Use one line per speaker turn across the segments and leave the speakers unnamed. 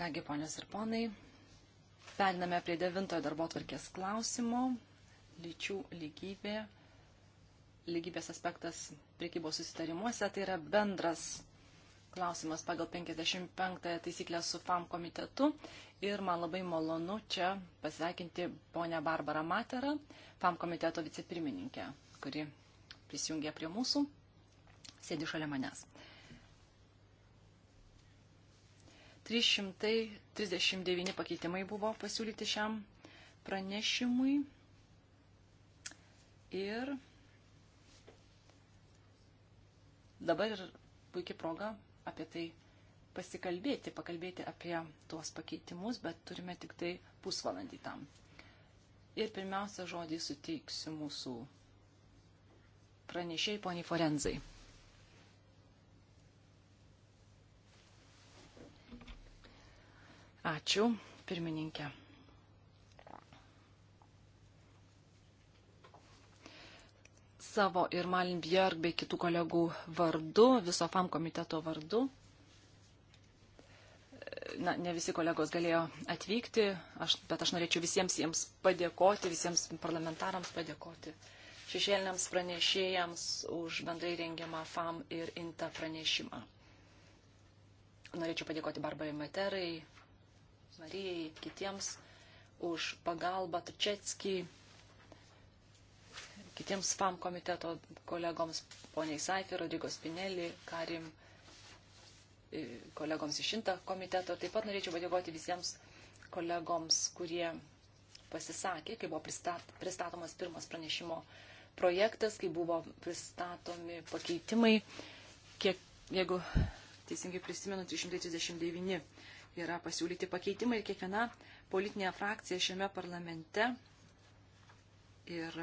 Kągi, ponios ir ponai, periname prie devintojo darbo tvarkės klausimo. Lyčių lygybė, lygybės aspektas priekybos susitarimuose, tai yra bendras klausimas pagal 55 taisyklę su FAM komitetu. Ir man labai malonu čia pasveikinti ponę Barbarą Materą, FAM komiteto vicepirmininkę, kuri prisijungia prie mūsų, sėdi šalia manęs. Uh, 339 pakeitimai buvo pasiūlyti šiam pranešimui. Ir dabar ir puikia proga apie tai pasikalbėti, pakalbėti apie tuos pakeitimus, bet turime tik tai pusvalandį tam. Ir pirmiausia, žodį suteiksiu mūsų pranešėjai poniai Forenzai. Ačiū, pirmininkė. Savo ir Malin Björk bei kitų kolegų vardu, viso FAM komiteto vardu. Na, ne visi kolegos galėjo atvykti, aš, bet aš norėčiau visiems jiems padėkoti, visiems parlamentarams padėkoti, šešėliniams pranešėjams už bendrai rengiamą FAM ir INTA pranešimą. Norėčiau padėkoti Barbarai Materai, Marijai, kitiems už pagalbą Tačetskijai, kitiems FAM komiteto kolegoms, poniai Saifė, Rodrigos Pinelį, Karim, kolegoms iš šimtą komiteto. Taip pat norėčiau padėkoti visiems kolegoms, kurie pasisakė, kai buvo pristat, pristatomas pirmas pranešimo projektas, kai buvo pristatomi pakeitimai, kiek, jeigu teisingai prisimenu, 339 yra pasiūlyti pakeitimai ir kiekviena politinė frakcija šiame parlamente ir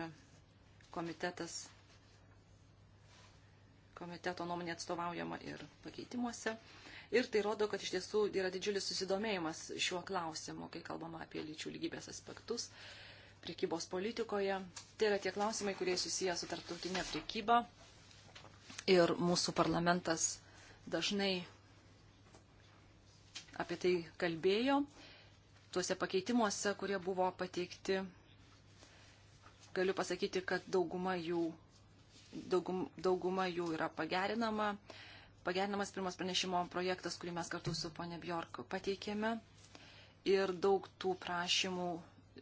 komitetas, komiteto nuomonė atstovaujama ir pakeitimuose. Ir tai rodo, kad iš tiesų yra didžiulis susidomėjimas šiuo klausimu, kai kalbama apie lyčių lygybės aspektus priekybos politikoje. Tai yra tie klausimai, kurie susiję su tarptautinė priekyba. Ir mūsų parlamentas dažnai apie tai kalbėjo. Tuose pakeitimuose, kurie buvo pateikti, galiu pasakyti, kad dauguma jų, daugum, dauguma jų yra pagerinama. Pagerinamas pirmas pranešimo projektas, kurį mes kartu su ponė Bjork pateikėme. Ir daug tų prašymų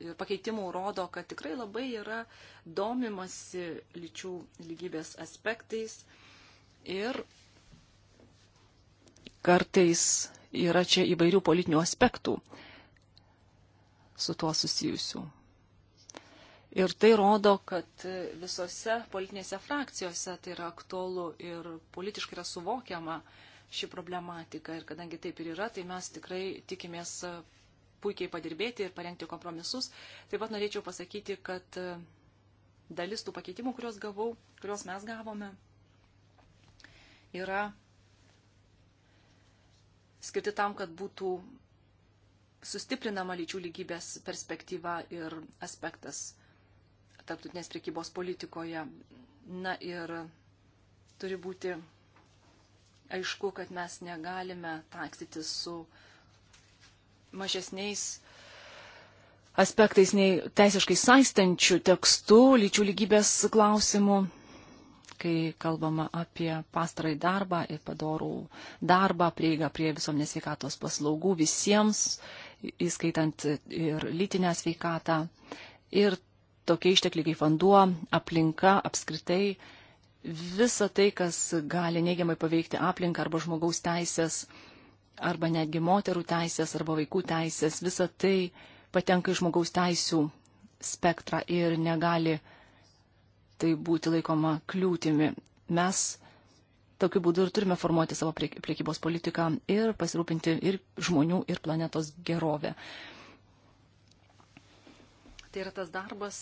ir pakeitimų rodo, kad tikrai labai yra domimasi lyčių lygybės aspektais ir kartais yra čia įvairių politinių aspektų su tuo susijusių. Ir tai rodo, kad visose politinėse frakcijose tai yra aktualu ir politiškai yra suvokiama ši problematika. Ir kadangi taip ir yra, tai mes tikrai tikimės puikiai padirbėti ir parengti kompromisus. Taip pat norėčiau pasakyti, kad dalis tų pakeitimų, kuriuos gavau, kuriuos mes gavome, yra skirti tam, kad būtų sustiprinama lyčių lygybės perspektyva ir aspektas tarptautinės priekybos politikoje. Na ir turi būti aišku, kad mes negalime takstytis su mažesniais aspektais nei teisiškai saistančių tekstų lyčių lygybės klausimų kai kalbama apie pastarąjį darbą ir padorų darbą, prieigą prie visuomenės sveikatos paslaugų visiems, įskaitant ir lytinę sveikatą. Ir tokie ištekliai kaip vanduo, aplinka apskritai, visa tai, kas gali neigiamai paveikti aplinką arba žmogaus teisės, arba netgi moterų teisės, arba vaikų teisės, visa tai patenka į žmogaus teisų spektrą ir negali tai būti laikoma kliūtimi. Mes tokiu būdu ir turime formuoti savo priekybos politiką ir pasirūpinti ir žmonių, ir planetos gerovę. Tai yra tas darbas,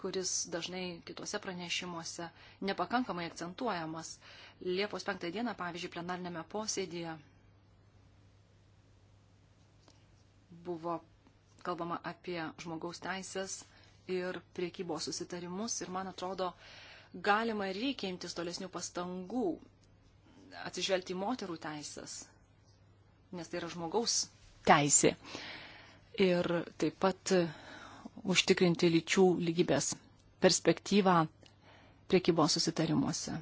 kuris dažnai kitose pranešimuose nepakankamai akcentuojamas. Liepos 5 dieną, pavyzdžiui, plenarnėme posėdėje buvo kalbama apie žmogaus teisės ir priekybos susitarimus ir, man atrodo, galima ir reikia imtis tolesnių pastangų atsižvelgti į moterų teisės, nes tai yra žmogaus teisė. Ir taip pat užtikrinti lyčių lygybės perspektyvą priekybos susitarimuose.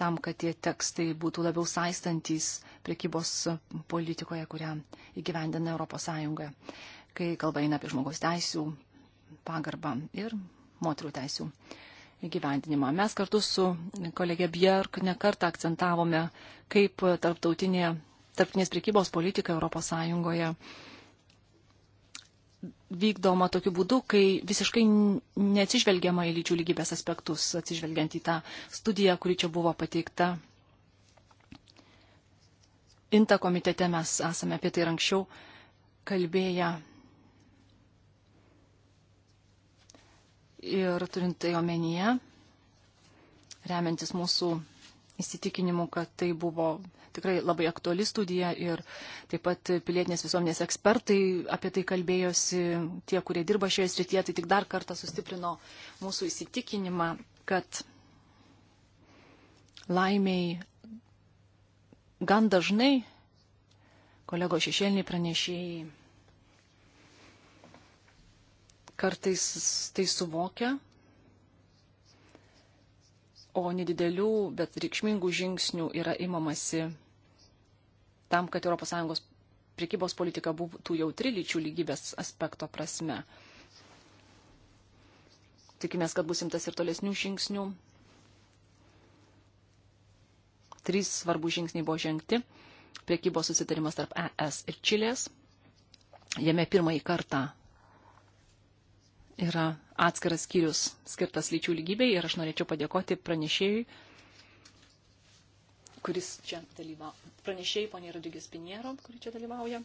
Tam, kad tie tekstai būtų labiau saistantis priekybos politikoje, kurią įgyvendina ES kai kalba eina apie žmogaus teisų pagarbą ir moterų teisų įgyvendinimą. Mes kartu su kolegė Bjerk nekartą akcentavome, kaip tarptautinė, tarptinės prekybos politika ES vykdoma tokiu būdu, kai visiškai neatsižvelgiama į lyčių lygybės aspektus, atsižvelgiant į tą studiją, kuri čia buvo pateikta. Inta komitete mes esame apie tai anksčiau kalbėję Ir turint tai omenyje, remiantis mūsų įsitikinimu, kad tai buvo tikrai labai aktuali studija ir taip pat pilietinės visuomenės ekspertai apie tai kalbėjosi, tie, kurie dirba šioje srityje, tai tik dar kartą sustiprino mūsų įsitikinimą, kad laimiai gan dažnai kolegos šešėliniai pranešėjai kartais tai suvokia, o nedidelių, bet reikšmingų žingsnių yra imamasi tam, kad ES priekybos politika būtų jautri lyčių lygybės aspekto prasme. Tikimės, kad bus imtas ir tolesnių žingsnių. Trys svarbų žingsniai buvo žengti. Priekybos susitarimas tarp ES ir Čilės. Jame pirmąjį kartą yra atskiras skyrius skirtas lyčių lygybei ir aš norėčiau padėkoti pranešėjui, kuris čia dalyvauja. Pranešėjai, ponė Rodrygės Piniero, kuri čia dalyvauja,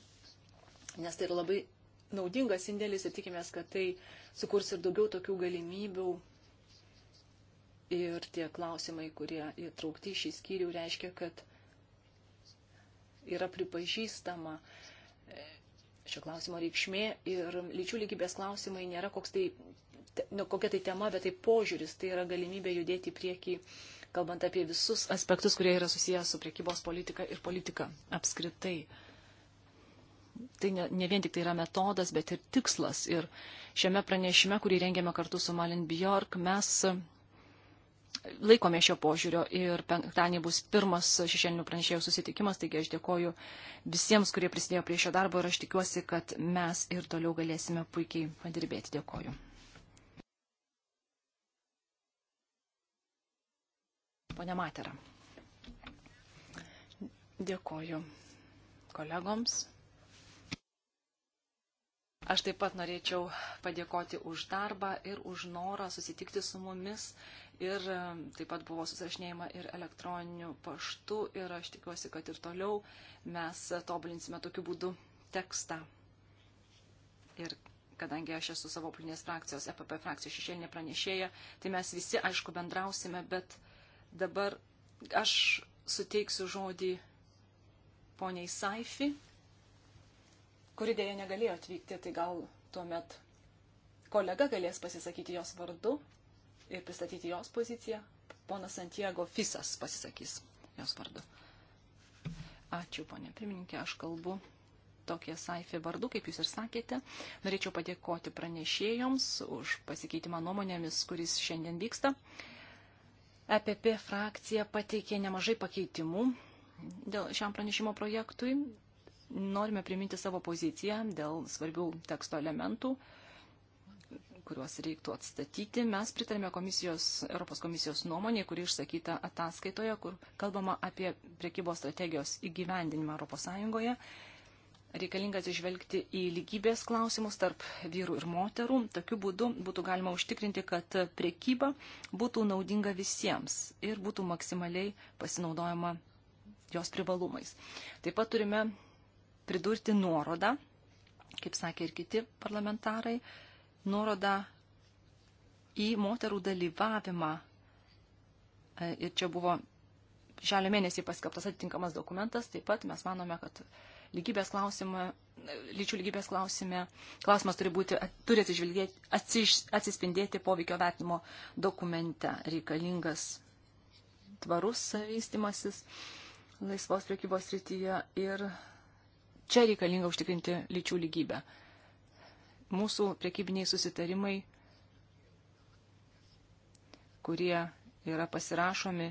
nes tai yra labai naudingas indėlis ir tikimės, kad tai sukurs ir daugiau tokių galimybių. Ir tie klausimai, kurie įtraukti į šį skyrių, reiškia, kad yra pripažįstama, uh, šio klausimo reikšmė ir lyčių lygybės klausimai nėra koks tai, nu, kokia tai tema, bet tai požiūris, tai yra galimybė judėti į priekį, kalbant apie visus aspektus, kurie yra susijęs su priekybos politika ir politika apskritai. Tai ne, ne vien tik tai yra metodas, bet ir tikslas. Ir šiame pranešime, kurį rengėme kartu su Malin Bjork, mes laikome šio požiūrio ir penktadienį bus pirmas šešėlinių pranešėjų susitikimas, taigi aš dėkoju visiems, kurie prisidėjo prie šio darbo ir aš tikiuosi, kad mes ir toliau galėsime puikiai padirbėti. Dėkoju. Pone Matera. Dėkoju kolegoms. Aš taip pat norėčiau padėkoti už darbą ir už norą susitikti su mumis ir taip pat buvo susirašinėjama ir elektroniniu paštu ir aš tikiuosi, kad ir toliau mes tobulinsime tokiu būdu tekstą. Ir kadangi aš esu savo plinės frakcijos, EPP frakcijos šešėlinė pranešėja, tai mes visi, aišku, bendrausime, bet dabar aš suteiksiu žodį poniai Saifi, kuri dėja negalėjo atvykti, tai gal tuomet kolega galės pasisakyti jos vardu ir pristatyti jos poziciją. Ponas Santiago Fisas pasisakys jos vardu. Ačiū, ponė pirmininkė, aš kalbu tokie Saifė vardu, kaip jūs ir sakėte. Norėčiau padėkoti pranešėjoms už pasikeitimą nuomonėmis, kuris šiandien vyksta. EPP frakcija pateikė nemažai pakeitimų dėl šiam pranešimo projektui. Norime priminti savo poziciją dėl svarbių teksto elementų kuriuos reiktų atstatyti. Mes pritarėme komisijos, Europos komisijos nuomonė, kuri išsakyta ataskaitoje, kur kalbama apie priekybos strategijos įgyvendinimą ES. Reikalinga atsižvelgti į lygybės klausimus tarp vyrų ir moterų. Tokiu būdu būtų galima užtikrinti, kad priekyba būtų naudinga visiems ir būtų maksimaliai pasinaudojama jos privalumais. Taip pat turime pridurti nuorodą kaip sakė ir kiti parlamentarai, nuoroda į moterų dalyvavimą. E, ir čia buvo šalio mėnesį paskaptas atitinkamas dokumentas. Taip pat mes manome, kad lygybės klausimą, lyčių lygybės klausime, klausimas turi, būti, turi atsiž, atsispindėti poveikio vertinimo dokumente reikalingas tvarus vystimasis laisvos priekybos rytyje ir čia reikalinga užtikrinti lyčių lygybę mūsų priekybiniai susitarimai, kurie yra pasirašomi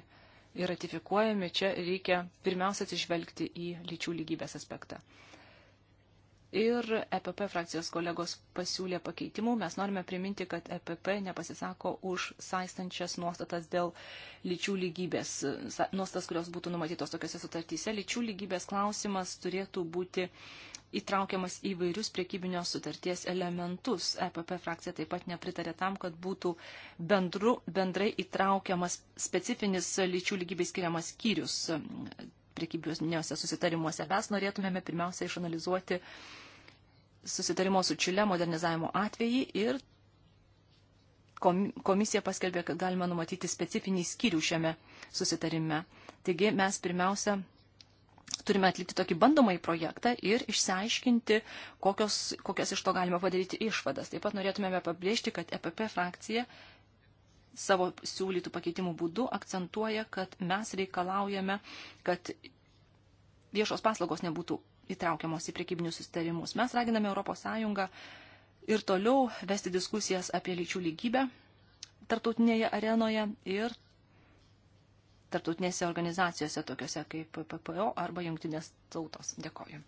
ir ratifikuojami, čia reikia pirmiausia atsižvelgti į lyčių lygybės aspektą. Ir EPP frakcijos kolegos pasiūlė pakeitimų. Mes norime priminti, kad EPP nepasisako už saistančias nuostatas dėl lyčių lygybės, nuostatas, kurios būtų numatytos tokiuose sutartyse. Lyčių lygybės klausimas turėtų būti įtraukiamas įvairius priekybinio sutarties elementus. EPP frakcija taip pat nepritarė tam, kad būtų bendru, bendrai įtraukiamas specifinis lyčių lygybės skiriamas skyrius priekybiniuose susitarimuose. Mes norėtumėme pirmiausia išanalizuoti susitarimo su Čile modernizavimo atvejį ir komisija paskelbė, kad galima numatyti specifinį skyrių šiame susitarime. Taigi mes pirmiausia turime atlikti tokį bandomąjį projektą ir išsiaiškinti, kokios, kokias iš to galima padaryti išvadas. Taip pat norėtumėme pabrėžti, kad EPP frakcija savo siūlytų pakeitimų būdu akcentuoja, kad mes reikalaujame, kad viešos paslaugos nebūtų įtraukiamos į priekybinius sustarimus. Mes raginame ES ir toliau vesti diskusijas apie lyčių lygybę tarptautinėje arenoje ir tarptautinėse organizacijose, tokiuose kaip PPO arba Jungtinės tautos. Dėkoju.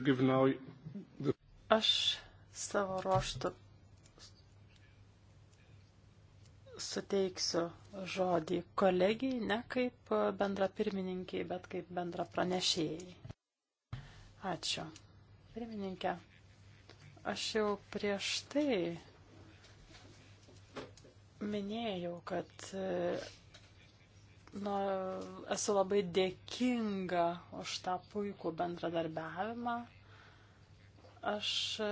the... Aš savo ruoštų suteiksiu žodį kolegijai ne kaip bendra pirmininkiai, bet kaip bendra pranešėjai. Ačiū. Pirmininkė, aš jau prieš tai minėjau, kad nu, esu labai dėkinga už tą puikų bendradarbiavimą. Aš e,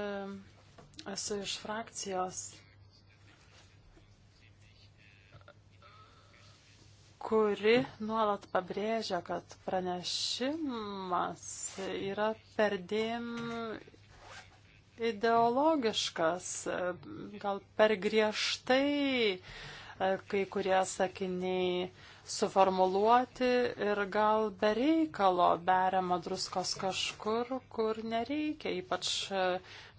esu iš frakcijos kuri nuolat pabrėžia, kad pranešimas yra perdėm ideologiškas, gal per griežtai e, kai kurie sakiniai suformuluoti ir gal be reikalo beriama druskos kažkur, kur nereikia, ypač e,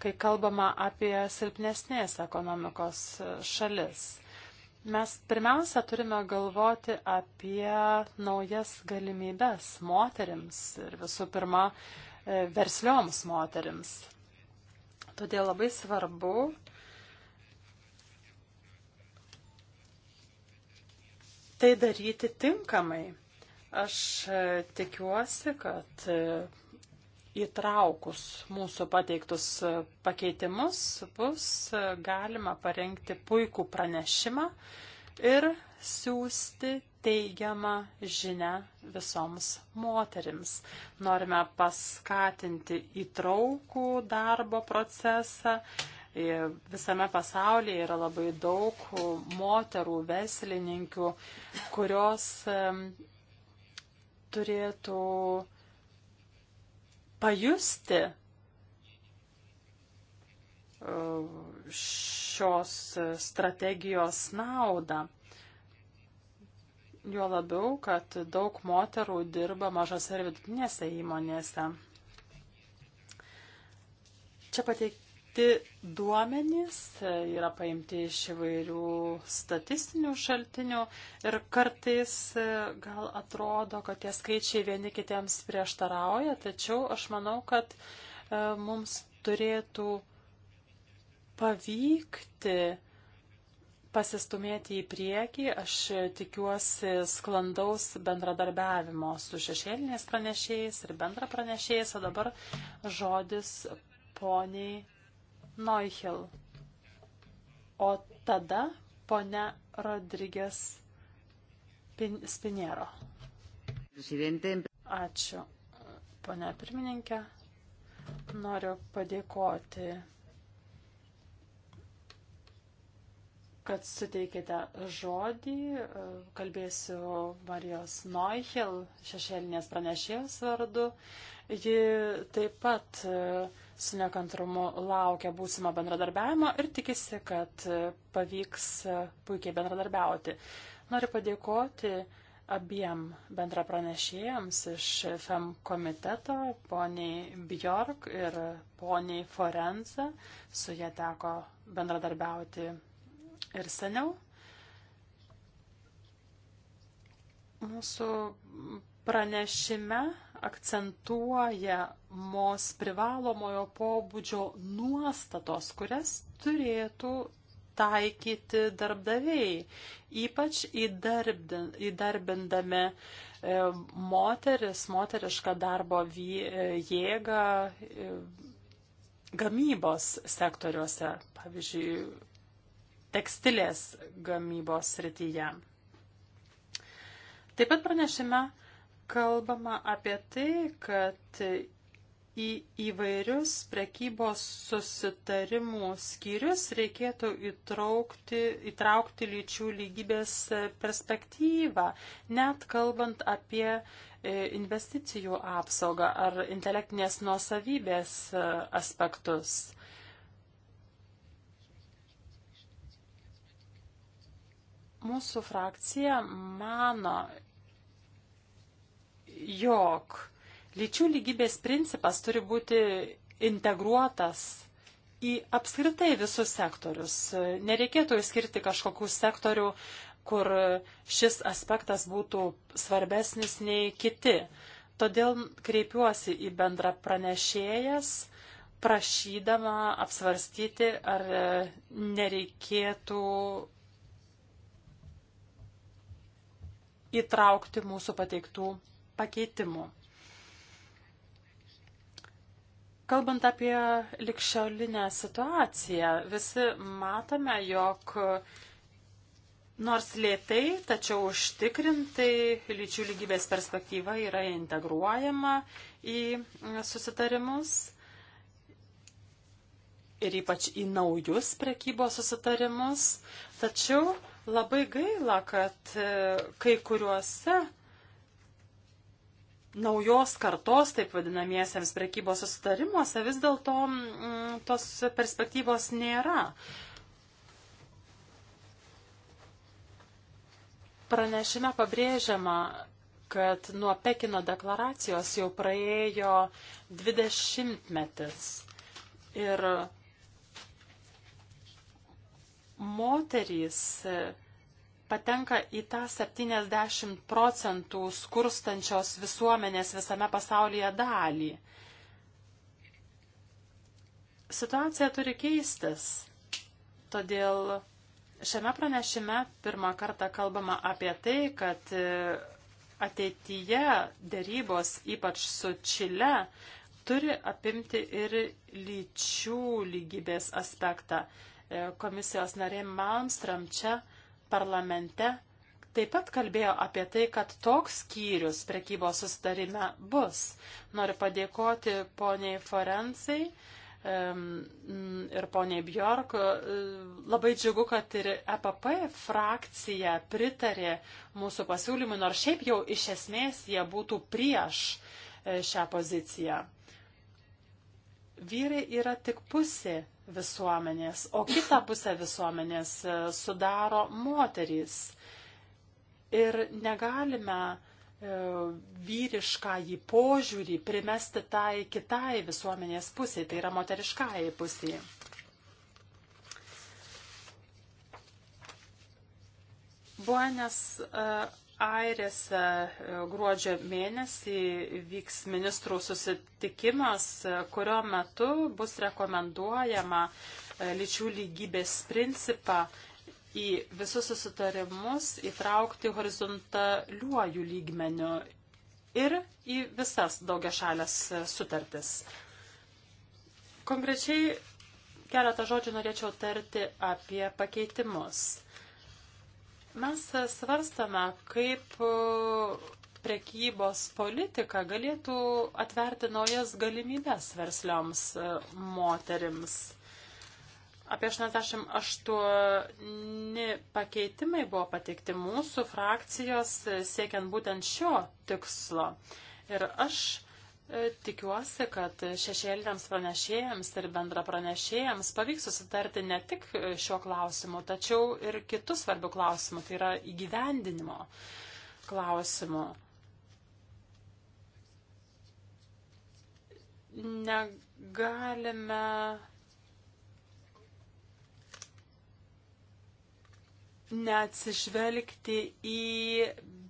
kai kalbama apie silpnesnės ekonomikos e, šalis. Mes pirmiausia turime galvoti apie naujas galimybės moterims ir visų pirma e, verslioms moterims. Todėl labai svarbu tai daryti tinkamai. Aš e, tikiuosi, kad e, įtraukus mūsų pateiktus pakeitimus bus galima parengti puikų pranešimą ir siūsti teigiamą žinę visoms moterims. Norime paskatinti įtraukų darbo procesą. Visame pasaulyje yra labai daug moterų veslininkių, kurios turėtų pajusti e, šios strategijos naudą. Juo labiau, kad daug moterų dirba mažose ir vidutinėse įmonėse. Čia pateik, pateikti duomenys, yra paimti iš įvairių statistinių šaltinių ir kartais gal atrodo, kad tie skaičiai vieni kitiems prieštarauja, tačiau aš manau, kad e, mums turėtų pavykti pasistumėti į priekį. Aš tikiuosi sklandaus bendradarbiavimo su šešėliniais pranešėjais ir bendra pranešėjais, o dabar žodis poniai Neuchel. O tada ponia Rodrygės Spiniero. Ačiū, ponia pirmininkė. Noriu padėkoti kad suteikėte žodį. E, kalbėsiu Marijos Noichel, šešėlinės pranešėjos vardu. Ji taip pat e, su nekantrumu laukia būsimo bendradarbiavimo ir tikisi, kad e, pavyks puikiai bendradarbiauti. Noriu padėkoti abiem bendrapranešėjams iš FM komiteto, poniai Bjork ir poniai Forenza. Su jie teko bendradarbiauti ir seniau. Mūsų pranešime akcentuoja mos privalomojo pobūdžio nuostatos, kurias turėtų taikyti darbdaviai, ypač įdarbindami e, moteris, moterišką darbo e, jėgą e, gamybos sektoriuose, pavyzdžiui, tekstilės gamybos srityje. Taip pat pranešime kalbama apie tai, kad į įvairius prekybos susitarimų skyrius reikėtų įtraukti, įtraukti lyčių lygybės perspektyvą, net kalbant apie e, investicijų apsaugą ar intelektinės nuosavybės e, aspektus. Mūsų frakcija mano, jog lyčių lygybės principas turi būti integruotas į apskritai visus sektorius. Nereikėtų išskirti kažkokių sektorių, kur šis aspektas būtų svarbesnis nei kiti. Todėl kreipiuosi į bendrą pranešėjas, prašydama apsvarstyti, ar nereikėtų įtraukti mūsų pateiktų pakeitimų. Kalbant apie likščiolinę situaciją, visi matome, jog nors lėtai, tačiau užtikrintai lyčių lygybės perspektyva yra integruojama į susitarimus ir ypač į naujus prekybos susitarimus. Tačiau Labai gaila, kad e, kai kuriuose naujos kartos, taip vadinamiesiems prekybos susitarimuose, vis dėlto mm, tos perspektyvos nėra. Pranešime pabrėžiama, kad nuo Pekino deklaracijos jau praėjo 20 metis. Ir moterys e, patenka į tą 70 procentų skurstančios visuomenės visame pasaulyje dalį. Situacija turi keistis, todėl šiame pranešime pirmą kartą kalbama apie tai, kad e, ateityje dėrybos, ypač su Čile, turi apimti ir lyčių lygybės aspektą. E, komisijos narė Malmstram čia parlamente taip pat kalbėjo apie tai, kad toks skyrius prekybos sustarime bus. Noriu padėkoti poniai Forensai ir poniai Bjork. E, labai džiugu, kad ir EPP frakcija pritarė mūsų pasiūlymui, nors šiaip jau iš esmės jie būtų prieš e, šią poziciją. Vyrai yra tik pusė visuomenės, o kitą pusę visuomenės e, sudaro moterys. Ir negalime e, vyrišką į požiūrį primesti tai kitai visuomenės pusiai, tai yra moteriškai pusiai. Buenas e, Airėse gruodžio mėnesį vyks ministrų susitikimas, e, kurio metu bus rekomenduojama e, lyčių lygybės principą į visus susitarimus įtraukti horizontaliuoju lygmeniu ir į visas daugiašalės e, sutartis. Konkrečiai keletą žodžių norėčiau tarti apie pakeitimus. Mes svarstame, kaip e, prekybos politika galėtų atverti naujas galimybės verslioms e, moterims. Apie 88 pakeitimai buvo pateikti mūsų frakcijos e, siekiant būtent šio tikslo. Ir aš E, tikiuosi, kad šešėliniams pranešėjams ir bendra pranešėjams pavyks susitarti ne tik šio klausimu, tačiau ir kitus svarbių klausimų, tai yra įgyvendinimo klausimų. Negalime neatsižvelgti į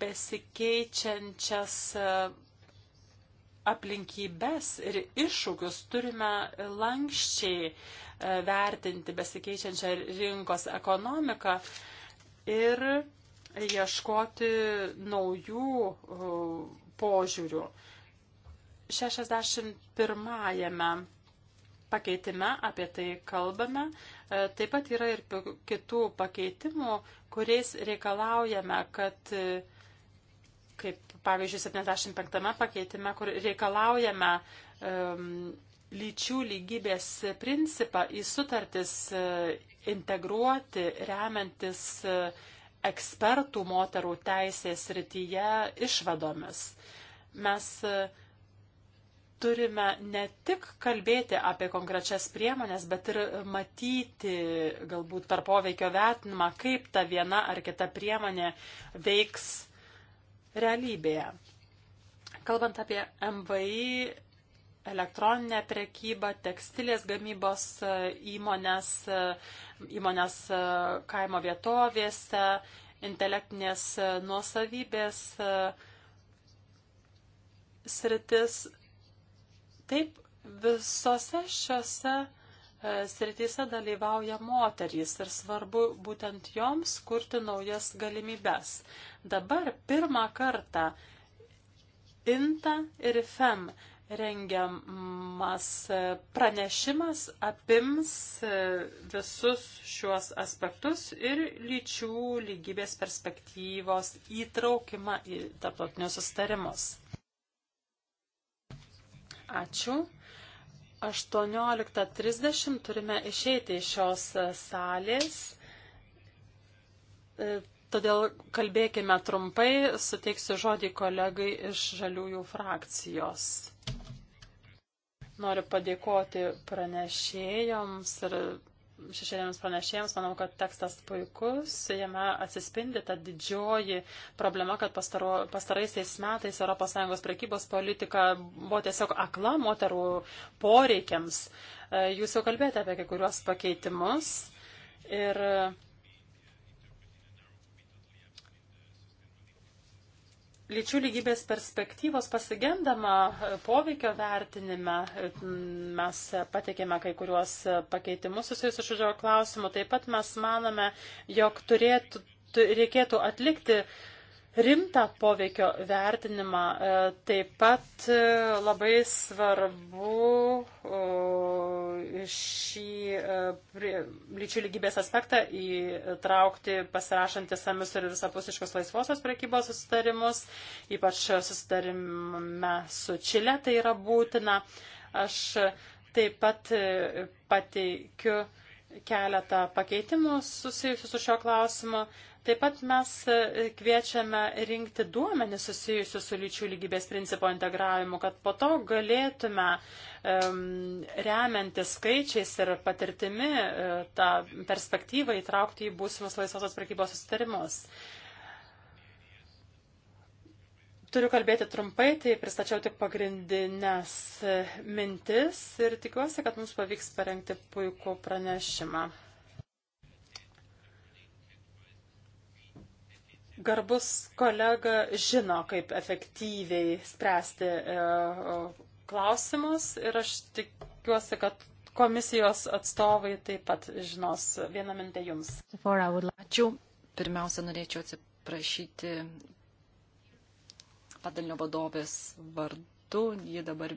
besikeičiančias aplinkybės ir iššūkius turime lankščiai e, vertinti besikeičiančią rinkos ekonomiką ir ieškoti naujų e, požiūrių. 61-ame pakeitime apie tai kalbame. E, taip pat yra ir kitų pakeitimų, kuriais reikalaujame, kad kaip pavyzdžiui 75 pakeitime, kur reikalaujame um, lyčių lygybės principą į sutartis e, integruoti, remiantis e, ekspertų moterų teisės rytyje išvadomis. Mes e, turime ne tik kalbėti apie konkrečias priemonės, bet ir matyti galbūt per poveikio vertinimą, kaip ta viena ar kita priemonė veiks realybėje. Kalbant apie MVI, elektroninę prekybą, tekstilės gamybos e, įmonės, e, įmonės e, kaimo vietovėse, intelektinės nuosavybės sritis. Taip, visose šiose E, srityse dalyvauja moterys ir svarbu būtent joms kurti naujas galimybes. Dabar pirmą kartą INTA ir FEM rengiamas e, pranešimas apims e, visus šiuos aspektus ir lyčių lygybės perspektyvos įtraukimą į tarptautinius sustarimus. Ačiū. 18.30 turime išeiti iš šios e, salės, e, todėl kalbėkime trumpai, suteiksiu žodį kolegai iš žaliųjų frakcijos. Noriu padėkoti pranešėjams ir šešėlėms pranešėjams. Manau, kad tekstas puikus, jame atsispindi ta didžioji problema, kad pastaro, pastaraisiais metais ES prekybos politika buvo tiesiog akla moterų poreikiams. E, jūs jau kalbėjote apie kai kuriuos pakeitimus ir lyčių lygybės perspektyvos pasigendama e, poveikio vertinime. E, mes patikėme kai kuriuos e, pakeitimus susijusius su šio klausimu. Taip pat mes manome, jog turėtų, reikėtų atlikti uh, rimtą poveikio vertinimą. E, taip pat e, labai svarbu šį e, lyčių lygybės aspektą įtraukti pasirašant esamius ir visapusiškus laisvosios prekybos susitarimus, ypač susitarime su Čile tai yra būtina. Aš taip pat pateikiu keletą pakeitimų susijusių su šio klausimu. Taip pat mes e, kviečiame rinkti duomenys susijusius su lyčių lygybės principo integravimu, kad po to galėtume um, remianti skaičiais ir patirtimi e, tą perspektyvą įtraukti į būsimus laisvosios prekybos sustarimus. Turiu kalbėti trumpai, tai pristačiau tik pagrindinės mintis ir tikiuosi, kad mums pavyks parengti puikų pranešimą. Garbus kolega žino, kaip efektyviai spręsti e, klausimus ir aš tikiuosi, kad komisijos atstovai taip pat žinos. Vieną mintę jums.
Ačiū. Pirmiausia, norėčiau atsiprašyti padalinio vadovės vardu. Ji dabar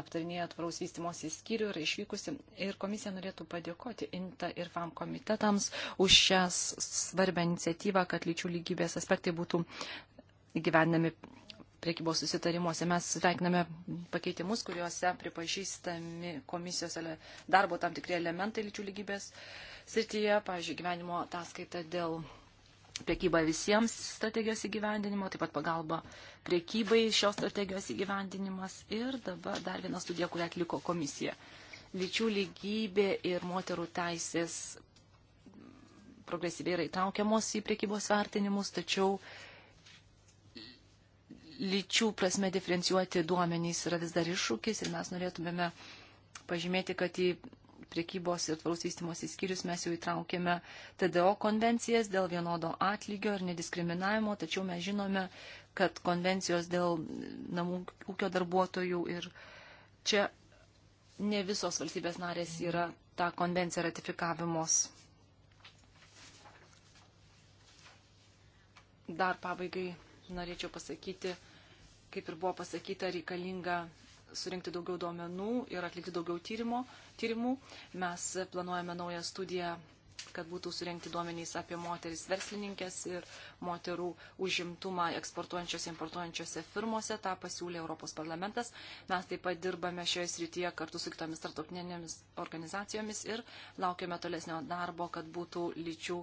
aptarinėja tvaraus vystimosi skyrių ir išvykusi. Ir komisija norėtų padėkoti INTA ir FAM komitetams už šią svarbę iniciatyvą, kad lyčių lygybės aspektai būtų gyvenami priekybos susitarimuose. Mes sveikiname pakeitimus, kuriuose pripažįstami komisijos darbo tam tikri elementai lyčių lygybės srityje, pavyzdžiui, gyvenimo ataskaita dėl priekyba visiems strategijos įgyvendinimo, taip pat pagalba priekybai šios strategijos įgyvendinimas ir dabar dar viena studija, kurią atliko komisija. Lyčių lygybė ir moterų teisės progresyviai yra įtraukiamos į priekybos vertinimus, tačiau lyčių prasme diferencijuoti duomenys yra vis dar iššūkis ir mes norėtumėme pažymėti, kad į priekybos ir tvarus vystimosi skyrius mes jau įtraukėme TDO konvencijas dėl vienodo atlygio ir nediskriminavimo, tačiau mes žinome, kad konvencijos dėl namų ūkio darbuotojų ir čia ne visos valstybės narės yra tą konvenciją ratifikavimos. Dar pabaigai norėčiau pasakyti, kaip ir buvo pasakyta, reikalinga surinkti daugiau duomenų ir atlikti daugiau tyrimo, tyrimų. Mes planuojame naują studiją, kad būtų surinkti duomenys apie moteris verslininkės ir moterų užimtumą eksportuojančiose, importuojančiose firmose. Ta pasiūlė Europos parlamentas. Mes taip pat dirbame šioje srityje kartu su kitomis tarptautinėmis organizacijomis ir laukiame tolesnio darbo, kad būtų lyčių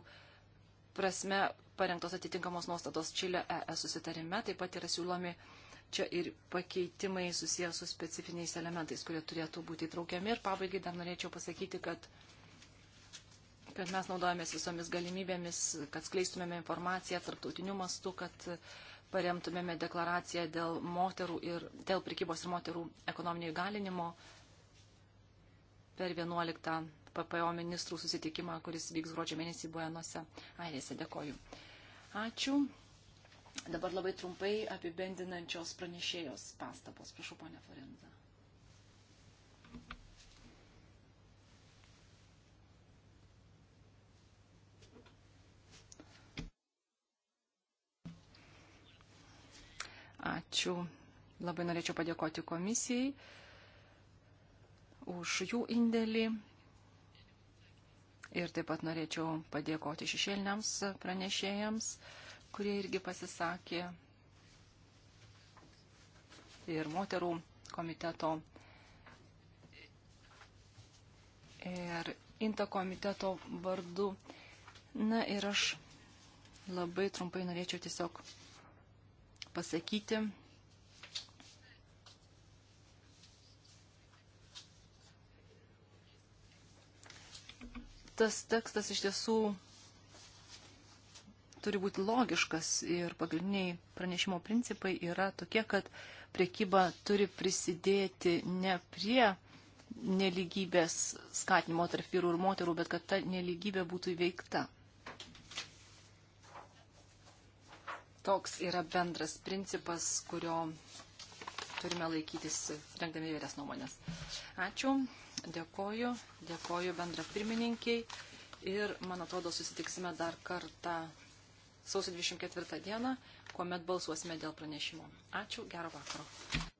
prasme parengtos atitinkamos nuostatos Čilė ES susitarime. Taip pat yra siūlomi čia ir pakeitimai susijęs su specifiniais elementais, kurie turėtų būti įtraukiami. Ir pabaigai dar norėčiau pasakyti, kad, kad mes naudojamės visomis galimybėmis, kad skleistumėme informaciją tarptautiniu mastu, kad paremtumėme deklaraciją dėl, ir, dėl prikybos ir moterų ekonominio įgalinimo per 11 PPO ministrų susitikimą, kuris vyks gruodžio mėnesį Buenose Airėse. Dėkoju. Ačiū. Dabar labai trumpai apibendinančios pranešėjos pastabos. Prašau, ponia Forenza. Ačiū. Labai norėčiau padėkoti komisijai už jų indėlį. Ir taip pat norėčiau padėkoti šešėliniams pranešėjams. Uh, kurie irgi pasisakė ir moterų komiteto ir INTA komiteto vardu. Na ir aš labai trumpai norėčiau tiesiog pasakyti, tas tekstas iš tiesų turi būti logiškas ir pagrindiniai pranešimo principai yra tokie, kad priekyba turi prisidėti ne prie neligybės skatinimo tarp vyrų ir moterų, bet kad ta neligybė būtų įveikta. Toks yra bendras principas, kurio turime laikytis, rengdami vėlės nuomonės. Ačiū, dėkoju, dėkoju bendra pirmininkiai ir, man atrodo, susitiksime dar kartą sausio 24 dieną, kuomet balsuosime dėl pranešimo. Ačiū, gero vakaro.